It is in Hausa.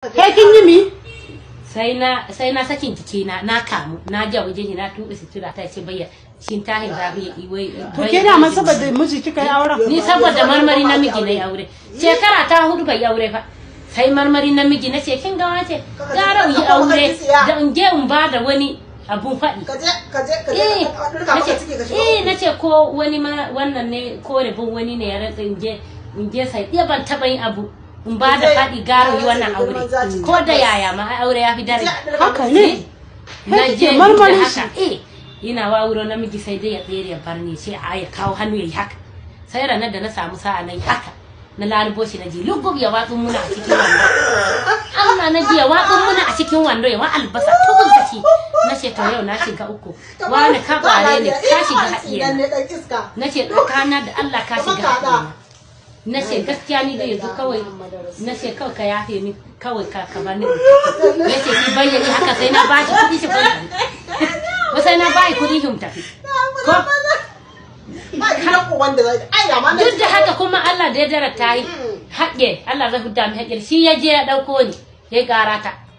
Kai kin yi mi? Sai na sai na sakin jiki na na kamu na ji waje ni na tuɓe sutura ta ce bayya shin ta hin yi wai To ke da man saboda miji kika yi auren? Ni saboda marmari namiji na yi aure. Shekara ta hudu bai aure fa. Sai marmari namiji na ce kin ga wace gara yi aure da in je in ba da wani abun faɗi. Kaje eh, eh, na ce ko wani ma wannan ne ko rabin wani ne ya rantsa in je in je sai ban taɓa yin abu. in ba da faɗi gara yi wannan aure ko da yaya ma aure ya fi dare haka ne na je da haka eh ina wa wuro namiji sai dai ya tsere ya bar ni ce a ya kawo hannu ya yi haka sai ranar da na samu sa'a nan haka na lalubo shi na ji lugub ya watsun muna a cikin wando Allah na ji ya watsun muna a cikin wando ya wa albasa tukun kashi na ce to yau na shiga uku wani ka bare ne ka eh, shiga haɗiye na ce tsakana da Allah ka shiga haɗiye na ce gaskiya ni da yanzu kawai na ce kawai ka yafe ni kawai ka kamar ni ya ce ki bayyana haka sai na bashi kudi shi kudi ko sai na bayi kudi shi tafi ko duk da haka kuma Allah da ya jarata yi mm. haƙe Allah zai hudda mai haƙe shi ya je ya ɗauko ni ya ƙara ta